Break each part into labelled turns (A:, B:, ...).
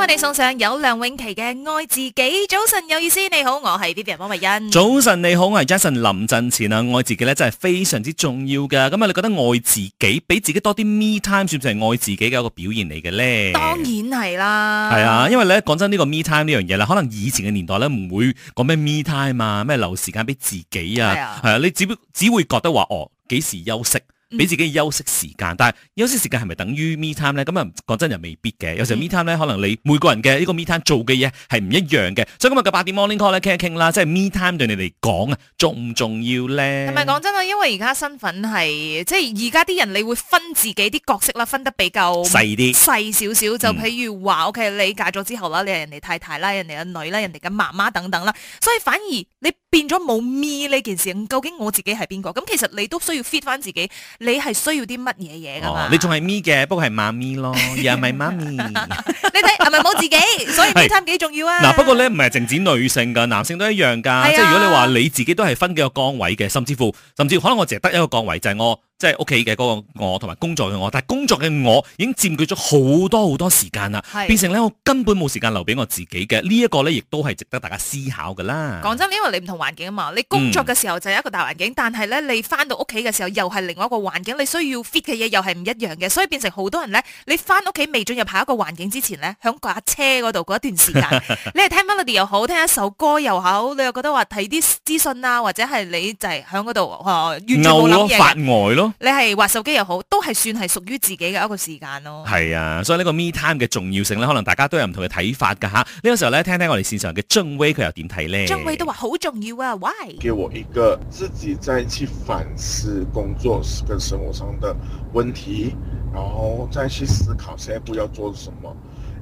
A: 我哋送上有梁詠琪嘅《愛自己》。早晨有意思，你好，我係 Vivian 方慧欣。
B: 早晨你好，我係 Jason 林振前啊！愛自己咧，真係非常之重要嘅。咁啊，你覺得愛自己，俾自己多啲 me time，算唔算係愛自己嘅一個表現嚟嘅咧？當
A: 然係啦。係啊，因為
B: 咧，講真呢個 me time 呢樣嘢啦，可能以前嘅年代咧唔會講咩 me time 啊，咩留時間俾自己啊，係啊，啊，你只只會覺得話哦，幾時休息？俾、嗯、自己休息時間，但係休息時間係咪等於 Me Time 咧？咁啊，講真又未必嘅。有時 Me Time 咧，嗯、可能你每個人嘅呢個 Me Time 做嘅嘢係唔一樣嘅。所以今日嘅八點 Morning Call 咧，傾一傾啦，即係 Me Time 對你嚟講啊，重唔重要咧？係咪
A: 講真啦，因為而家身份係即係而家啲人，你會分自己啲角色啦，分得比較細啲，細少少。就譬如話、嗯、OK，你嫁咗之後啦，你係人哋太太啦，人哋嘅女啦，人哋嘅媽媽等等啦，所以反而你。變咗冇 me 呢件事，究竟我自己係邊個？咁其實你都需要 fit 翻自己，你係需要啲乜嘢嘢噶嘛？你
B: 仲係 me 嘅，不過係媽咪咯。又係咪媽咪？
A: 你哋係咪冇自己？所以 me time 幾重要啊？嗱、呃，不
B: 過咧唔係淨止女性噶，男性都一樣噶。啊、即係如果你話你自己都係分幾個崗位嘅，甚至乎，甚至可能我淨係得一個崗位就係我。即係屋企嘅嗰個我同埋工作嘅我，但係工作嘅我已經佔據咗好多好多時間啦，是變成咧我根本冇時間留俾我自己嘅、這個、呢一個咧，亦都係值得大家思考嘅啦。
A: 講真，因為你唔同環境啊嘛，你工作嘅時候就係一個大環境，嗯、但係咧你翻到屋企嘅時候又係另外一個環境，你需要 fit 嘅嘢又係唔一樣嘅，所以變成好多人咧，你翻屋企未進入下一個環境之前咧，喺架車嗰度嗰一段時間， 你係聽 melody 又好，聽一首歌又好，你又覺得話睇啲資訊啊，或者係你就係喺嗰度呃，完全冇諗嘅人 你係玩手機又好，都係算係屬於自己嘅一個時間咯。
B: 係啊，所以呢個 me time 嘅重要性呢，可能大家都有唔同嘅睇法噶吓。呢個時候咧，聽聽我哋線上嘅張威佢又點睇咧？張威
A: 都話好重要啊。喂，Why？給
B: 我一個自己再去反思工作跟生活上的問題，然後再去思考下一步要做什麼。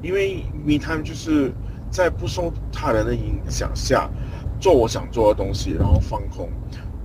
B: 因為 me time 就是在不受他人的影響下，做我想做嘅東西，然後放空。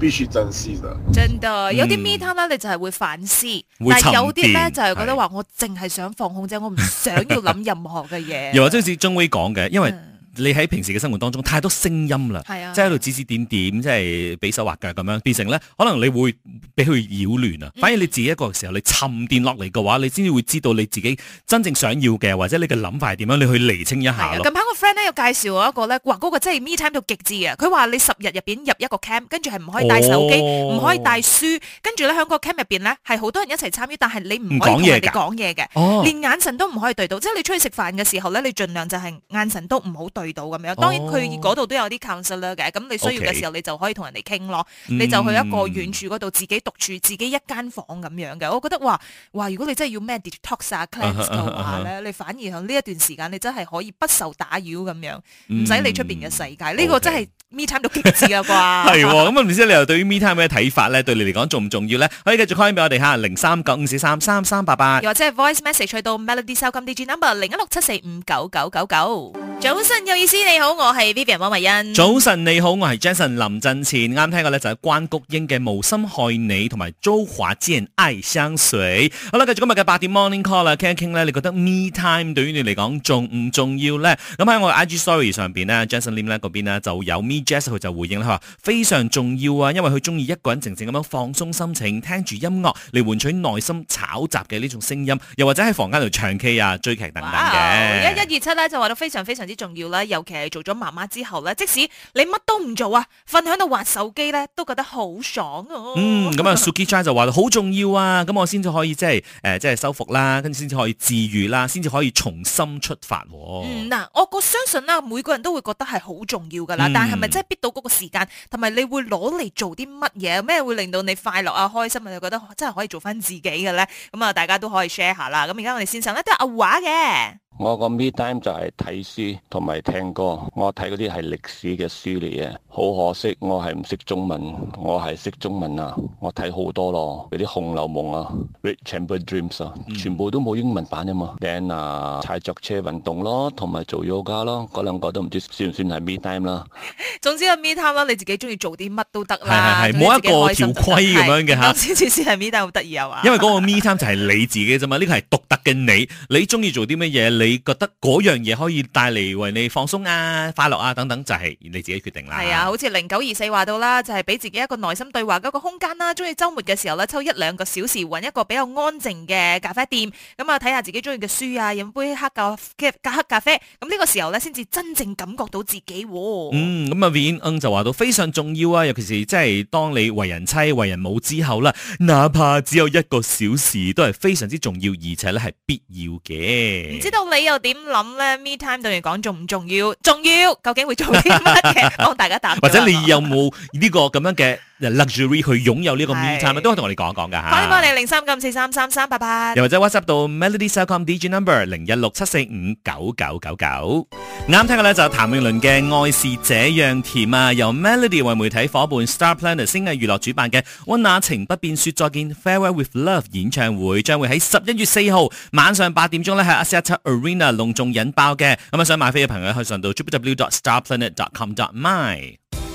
B: 必須
A: 珍惜嘅，真嘅、嗯。有啲 meeting 咧，你就係會反思；但有啲咧，就係、是、覺得話我淨係想放空， 我唔想要諗任何嘅嘢。又或
B: 者好似中威講嘅，因為你喺平時嘅生活當中、嗯、太多聲音啦，即係喺度指指點點，即、就、係、是、比手畫腳咁樣，變成咧可能你會俾佢擾亂啊。嗯、反而你自己一個時候，你沉澱落嚟嘅話，你先至會知道你自己真正想要嘅，或者你嘅諗法係點樣，你去釐清一下。
A: 個 friend 咧有介紹我一個咧，話嗰個真係 me time 到極致啊。佢話你十日入邊入一個 camp，跟住係唔可以帶手機，哦、唔可以帶書，跟住咧喺個 camp 入邊咧係好多人一齊參與，但係你唔可以同人哋講嘢嘅，哦、連眼神都唔可以對到。即係你出去食飯嘅時候咧，你盡量就係眼神都唔好對到咁樣。哦、當然佢嗰度都有啲 counselor 嘅，咁你需要嘅時候你就可以同人哋傾咯。Okay 你就去一個遠處嗰度自，、嗯、自己獨處，自己一間房咁樣嘅。我覺得話話如果你真係要咩 detox 啊、er, cleanse 嘅話咧， 你反而喺呢一段時間你真係可以不受打。妖咁樣，唔使理出邊嘅世界，呢個真係 me time 到極致啊啩。係，
B: 咁啊唔知你又對於 me time 咩睇法咧？對你嚟講重唔重要咧？可以繼續 call 俾我哋吓，零三九五四三三三八八，或
A: 者係 voice message 去到 Melodyshow 嘅 DJ number 零一六七四五九九九九。早晨有意思，你好，我係 Vivian 汪慧欣。早
B: 晨你好，我係 Jason 林振前。啱聽過咧就係關菊英嘅《無心害你》同埋周華健《愛相隨》。好啦，繼續今日嘅八點 morning call 啦，傾一傾咧，你覺得 me time 對於你嚟講重唔重要咧？咁啊。喺我 IG Story 上邊咧，Jason Lim 咧嗰邊咧就有 Me Jess 佢就回應啦，佢話非常重要啊，因為佢中意一個人靜靜咁樣放鬆心情，聽住音樂嚟換取內心吵雜嘅呢種聲音，又或者喺房間度唱 K 啊，追劇等等嘅。一一二
A: 七咧就話到非常非常之重要啦，尤其係做咗媽媽之後咧，即使你乜都唔做啊，瞓響度玩手機咧，都覺得好爽哦、啊
B: 嗯。嗯，咁、嗯、啊，Suki Cha 就話好重要啊，咁、嗯、我先至可以即係誒，即係修復啦，跟住先至可以治愈啦，先至可以重新出發。嗯，
A: 嗱，我我相信啦、啊，每個人都會覺得係好重要噶啦。嗯、但係咪真係逼到嗰個時間，同埋你會攞嚟做啲乜嘢？咩會令到你快樂啊、開心啊？你覺得真係可以做翻自己嘅咧？咁、嗯、啊，大家都可以 share 下啦。咁而家我哋先生咧都係阿華嘅。
B: 我個 me time 就係睇書同埋聽歌，我睇嗰啲係歷史嘅書嚟嘅，好可惜我係唔識中文，我係識中文啊，我睇好多咯，嗰啲《紅樓夢》啊，嗯《Rich Chamber Dreams》啊，全部都冇英文版、嗯、Then, 啊嘛。然後踩著車運動咯，同埋做 yoga 咯，嗰兩個都唔知算唔算係 me time 啦。
A: 總之係 me time 啦、啊，你自己中意做啲乜都得啦，係係係，冇、就是、是一個條規咁樣嘅吓。今次先係 me time，好得意啊，因為嗰
B: 個 me time 就係你自己啫嘛，呢個係獨特嘅你， 你中意做啲乜嘢，你。你覺得嗰樣嘢可以帶嚟為你放鬆啊、快樂啊等等，就係你自己決定啦。係啊，
A: 好似零九二四話到啦，就係俾自己一個內心對話嗰個空間啦。中意周末嘅時候咧，抽一兩個小時，搵一個比較安靜嘅咖啡店，咁啊睇下自己中意嘅書啊，飲杯黑咖嘅黑咖啡。咁呢個時候咧，先至真正感覺到自己喎。
B: 嗯，咁啊，Vin 就話到非常重要啊，尤其是即係當你為人妻、為人母之後啦，哪怕只有一個小時，都係非常之重要，而且咧係必要嘅。唔知道
A: 你。你又點諗咧？Me Time 對你講重唔重要？重要，究竟會做啲乜
B: 嘢？
A: 幫大家答好唔好。 或者
B: 你有冇呢個咁樣嘅？luxury 去擁有呢個 me time 的都可以同我哋講一講噶嚇，歡迎報
A: 嚟零三九四三三三八八，又
B: 或者 WhatsApp 到 m e l o d y c o m d j n u m b e r 零一六七四五九九九九。啱聽嘅咧就係譚詠麟嘅愛是這樣甜啊，由 Melody 為媒體伙伴 Star Planet 星藝娛樂主辦嘅《温拿、er、情不變説再見 farewell with love 演唱會將會喺十一月四號晚上八點鐘咧喺 Axiata Arena 隆重引爆嘅。咁啊想買飛嘅朋友可以上到 www.starplanet.com.my。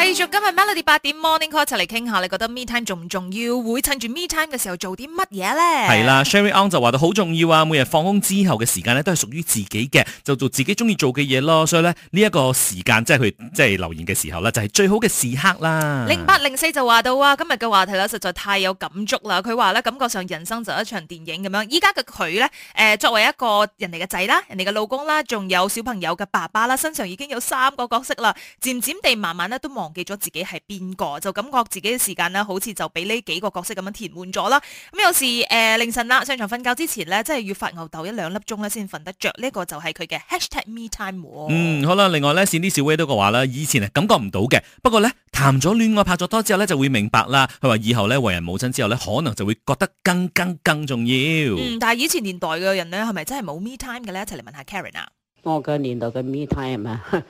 A: 繼續今日 Melody 八點 Morning Call 一齊嚟傾下，你覺得 Me Time 重唔重要？會趁住 Me Time 嘅時候做啲乜嘢咧？係
B: 啦 ，Sherry Ong 就話到好重要啊！每日放工之後嘅時間咧，都係屬於自己嘅，就做自己中意做嘅嘢咯。所以呢，呢一個時間，即係佢即係留言嘅時候咧，就係、是、最好嘅時刻啦。零八
A: 零四就話到啊，今日嘅話題咧實在太有感觸啦。佢話咧，感覺上人生就一場電影咁樣，依家嘅佢咧，誒、呃、作為一個人哋嘅仔啦，人哋嘅老公啦，仲有小朋友嘅爸爸啦，身上已經有三個角色啦，漸漸地慢慢咧都忘。忘記咗自己係邊個，就感覺自己嘅時間咧，好似就俾呢幾個角色咁樣填滿咗啦。咁有時誒、呃、凌晨啦上床瞓覺之前呢，真係要發吽逗一兩粒鐘咧先瞓得着。呢、這個就係佢嘅 #me time。嗯，好啦，
B: 另外呢，善啲小 vita 嘅話咧，以前係感覺唔到嘅，不過呢，談咗戀愛拍咗拖之後呢，就會明白啦。佢話以後呢，為人母親之後呢，可能就會覺得更更更重要。嗯、
A: 但係以前年代嘅人呢，係咪真係冇 me time 嘅呢？一齊嚟問下 Karen 啊。我嘅年代嘅 me time 啊。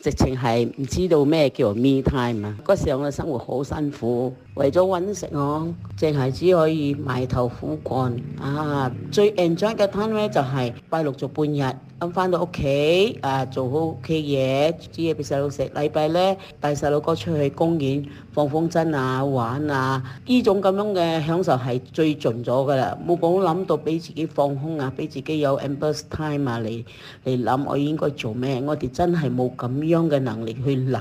A: 直情係唔知道咩叫 me time 啊！嗰時我嘅生活好辛苦，為咗揾食我淨係只可以埋頭苦幹。啊，最 enjoy 嘅 time 咧就係、是、拜六做半日，咁翻到屋企啊做好屋企嘢煮嘢俾細佬食。禮拜咧帶細佬哥出去公園。放風箏啊，玩啊，呢種咁樣嘅享受係最盡咗噶啦，冇講諗到俾自己放空啊，俾自己有 me time 啊，嚟嚟諗我應該做咩？我哋真係冇咁樣嘅能力去諗，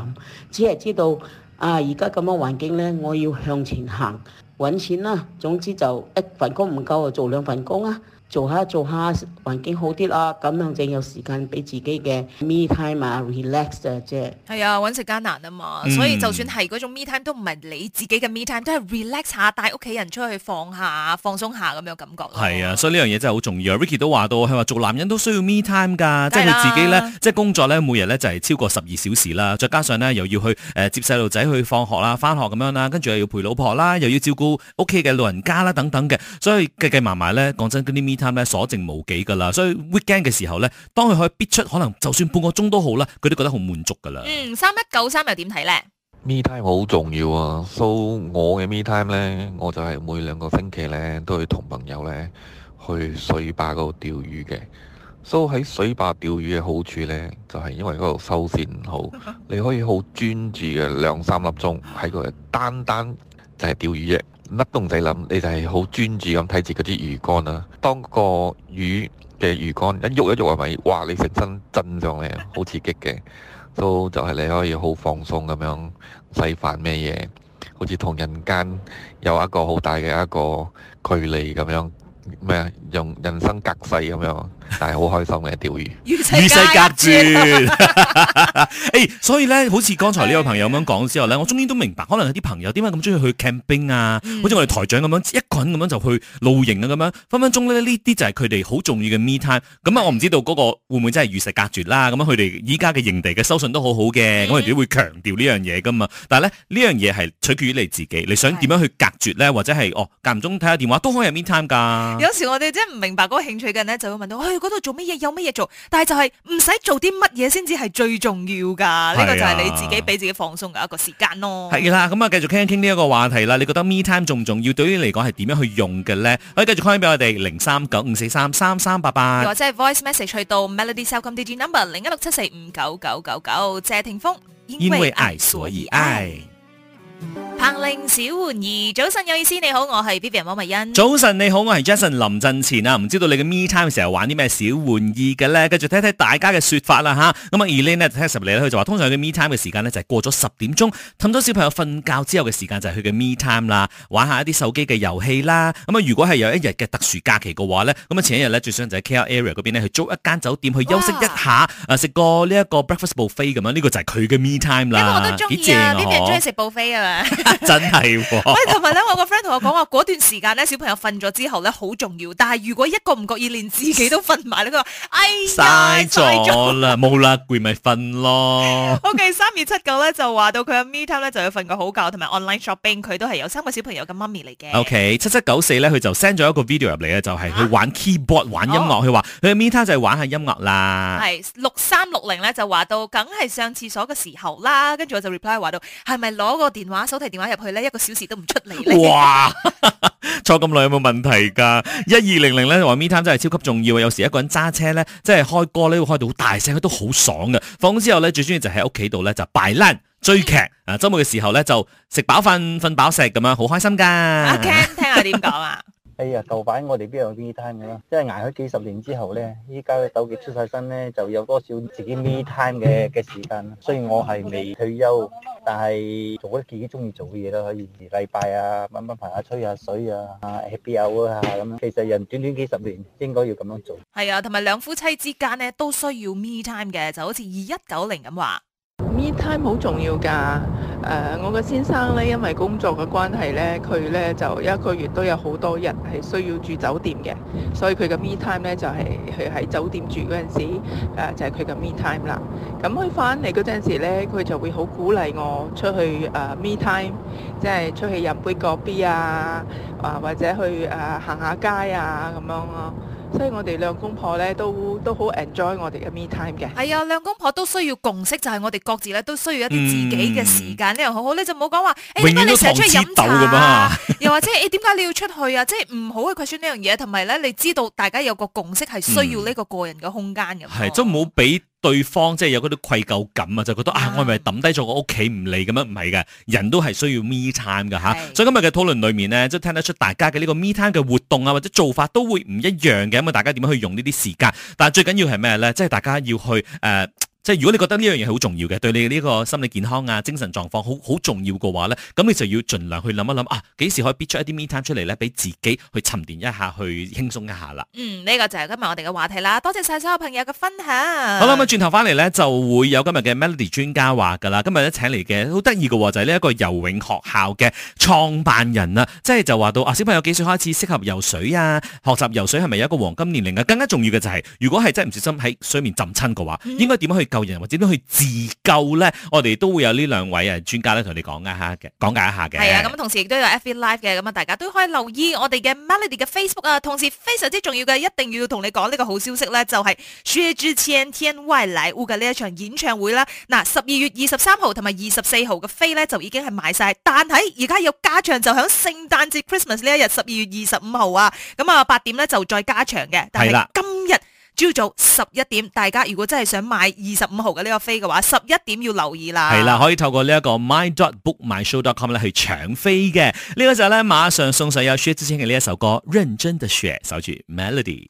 A: 只係知道啊，而家咁嘅環境呢，我要向前行，揾錢啦、啊，總之就一、哎、份工唔夠啊，做兩份工啊。做下做下環境好啲啦、啊，咁樣正有時間俾自己
B: 嘅
A: me time 啊，relax 啊，啫。係啊，揾食艱難啊嘛，嗯、所以就算係嗰種 me time 都唔係你自己嘅 me time，都係 relax 下，帶屋企人出去放下、放鬆下咁樣嘅感覺。
B: 係啊，所以呢樣嘢真係好重要！Ricky 都話到，佢話做男人都需要 me time 㗎，即係佢自己咧，即、就、係、是、工作咧，每日咧就係超過十二小時啦，再加上咧又要去誒、呃、接細路仔去放學啦、翻學咁樣啦，跟住又要陪老婆啦，又要照顧屋企嘅老人家啦等等嘅，所以計計埋埋咧，講真嗰啲 me time 咧所剩無幾噶啦，所以 weekend 嘅時候咧，當佢可以逼出，可能就算半個鐘都好啦，佢都覺得好滿足噶啦。嗯，
A: 三一九三又點睇咧
B: ？me time 好重要啊，so 我嘅 me time 咧，我就係每兩個星期咧都會同朋友咧去水壩嗰度釣魚嘅。so 喺水壩釣魚嘅好處咧，就係、是、因為嗰度收線好， 你可以好專注嘅兩三粒鐘喺嗰度單單就係釣魚啫。乜都唔使諗，你就係好專注咁睇住嗰啲魚竿啦。當個魚嘅魚竿一喐一喐係咪？哇！你成身震上嚟，好刺激嘅。都就係你可以好放鬆咁樣使煩咩嘢，好似同人間有一個好大嘅一個距離咁樣。咩啊？用人生隔世咁樣，但係好開心嘅釣魚，與世隔絕。哎、 欸，所以咧，好似剛才呢個朋友咁樣講之後咧，我終於都明白，可能有啲朋友點解咁中意去 camping 啊？好似、嗯、我哋台長咁樣，一個人咁樣就去露營啊，咁樣分分鐘咧呢啲就係佢哋好重要嘅 me time。咁啊，我唔知道嗰個會唔會真係與世隔絕啦、啊？咁樣佢哋依家嘅營地嘅收信都好好嘅，咁佢哋會強調呢樣嘢噶嘛？但係咧呢樣嘢係取決於你自己，你想點樣去隔絕咧，或者係哦間唔、哦、中睇下電話都可以有 me time 噶。有
A: 時我哋真係唔明白嗰個興趣嘅人咧，就會問到，去嗰度做乜嘢？有乜嘢做？但係就係唔使做啲乜嘢先至係最重要噶。呢個就係你自己俾自己放鬆嘅一個時間咯。係
B: 啦，咁啊繼續傾一傾呢一個話題啦。你覺得 me time 重唔重要？對於你嚟講係點樣去用嘅咧？可以繼續 call 翻俾我哋零三九五四三三三八八，或
A: 者係 voice message 去到 Melody Self Consult Number 零一六七四五九九九九。謝霆鋒，因為
B: 愛所以愛。
A: 令小玩意早晨有意思，你好，我係 B B M 汪慧欣。
B: 早晨你好，我係 Jason 林振前啊。唔知道你嘅 Me Time 嘅時候玩啲咩小玩意嘅咧？繼續睇睇大家嘅說法啦吓。咁啊，Elen 就 test up 嚟就話，通常佢 Me Time 嘅時間咧就係過咗十點鐘，氹咗小朋友瞓覺之後嘅時間就係佢嘅 Me Time 啦，玩一下一啲手機嘅遊戲啦。咁啊，如果係有一日嘅特殊假期嘅話咧，咁啊前一日咧最想就喺 K L Area 嗰邊咧去租一間酒店去休息一下，食過呢一個 breakfast buffet 咁啊，呢個、這個就係佢嘅 Me Time 啦，幾正啊！啲中意食
A: buffet 啊嘛～ 真係、
B: 哦，喂，同
A: 埋咧，我個 friend 同我講話嗰段時間咧，小朋友瞓咗之後咧好重要，但係如果一個唔覺意連自己都瞓埋咧，佢話，哎，晒咗
B: 啦，冇啦，攰咪瞓咯。
A: OK，三二七九咧就話到佢 Me Time 咧就要瞓個好覺，同埋 online shopping 佢都係有三個小朋友嘅媽咪嚟嘅。OK，七
B: 七九四咧佢就 send 咗一個 video 入嚟啊，就係去玩 keyboard 玩音樂，佢話佢 Me Time 就係玩下音樂啦。
A: 係六三六零咧就話到梗係上廁所嘅時候啦，跟住我就 reply 話到係咪攞個電話手提電話。入去咧，一個小時都唔出
B: 嚟。哇！ 坐咁耐有冇問題㗎？一二零零咧，話 Me Time 真係超級重要。有時一個人揸車咧，即係開歌咧，會開到好大聲，都好爽嘅。放工之後咧，最中意就喺屋企度咧，就擺爛追劇。啊，週末嘅時候咧，就食飽飯，瞓飽食咁樣，好開心㗎。阿、啊、Ken，聽下點講啊？哎呀，舊版我哋邊有 me time 嘅啦，即係捱咗幾十年之後咧，依家嘅斗技出曬身咧，就有多少自己 me time 嘅嘅時間。雖然我係未退休，但係做咗自己中意做嘅嘢咯，例如禮拜啊，晚晚排下吹下水啊，happy hour 啊咁樣。其實人短短幾十年，應該要咁樣做。
A: 係啊，同埋兩夫妻之間咧都需要 me time 嘅，就好似二一九零咁話。Time 好重要㗎，誒、uh，我嘅先生呢，因為工作嘅關係呢，佢呢就一個月都有好多日係需要住酒店嘅，所以佢嘅 me time 呢就係佢喺酒店住嗰陣時，uh，就係佢嘅 me time 啦。咁佢返嚟嗰陣時咧，佢就會好鼓勵我出去誒 me time，即係出去飲杯咖啡啊，啊或者去誒行下街啊咁樣咯。所以我哋兩公婆咧都都好 enjoy 我哋嘅 me time 嘅。係啊、哎，兩公婆都需要共識，就係、是、我哋各自咧都需要一啲自己嘅時間。呢、嗯、樣好好，咧，就唔好講話，點解你成日出去飲茶？ 又或者，誒、欸，點解你要出去啊？即係唔好去 question 呢樣嘢，同埋咧，你知道大家有個共識係需要呢個個人嘅空間咁。係、
B: 嗯，即唔好俾。對方即係有嗰啲愧疚感啊，就覺得啊，啊我係咪抌低咗個屋企唔理咁樣？唔係嘅，人都係需要 me time 嘅吓。是所以今日嘅討論裡面咧，即係聽得出大家嘅呢個 me time 嘅活動啊，或者做法都會唔一樣嘅。咁啊，大家點樣去用呢啲時間？但係最緊要係咩咧？即係大家要去誒。呃即係如果你覺得呢樣嘢好重要嘅，對你呢個心理健康啊、精神狀況好好重要嘅話呢，咁你就要盡量去諗一諗啊，幾時可以搣出一啲 me time 出嚟呢，俾自己去沉澱一下，去輕鬆一下啦。呢、
A: 嗯呢個就係今日我哋嘅話題啦。多謝晒所有朋友嘅分享。好啦，咁
B: 轉頭返嚟呢，就會有今日嘅 Melody 專家話㗎啦。今日咧請嚟嘅好得意嘅就係呢一個游泳學校嘅創辦人啊，即係就話到啊，小朋友幾歲開始適合游水啊？學習游水係咪有一個黃金年齡啊？更加重要嘅就係、是，如果係真係唔小心喺水面浸親嘅話，嗯、應該點樣去？或者都去自救咧？我哋都會有呢兩位誒專家咧，同你講一下嘅，講解一下嘅。係啊，咁
A: 同時亦都有 FV Live 嘅，咁啊，大家都可以留意我哋嘅 Melody 嘅 Facebook 啊。同時非常之重要嘅，一定要同你講呢個好消息咧、就是，就係薛之謙天外來物嘅呢一場演唱會啦。嗱，十二月二十三號同埋二十四號嘅飛咧就已經係買晒，但係而家要加場就響聖誕節 Christmas 呢一日，十二月二十五號啊，咁啊八點咧就再加場嘅。但係啦，今日。朝早十一點，大家如果真係想買二十五號嘅呢個飛嘅話，十一點要留意啦。係啦，
B: 可以透過呢一個 my dot book my show dot com 呢去搶飛嘅。呢個時候咧馬上送上有薛之謙嘅呢一首歌《認真的雪》，守住 melody。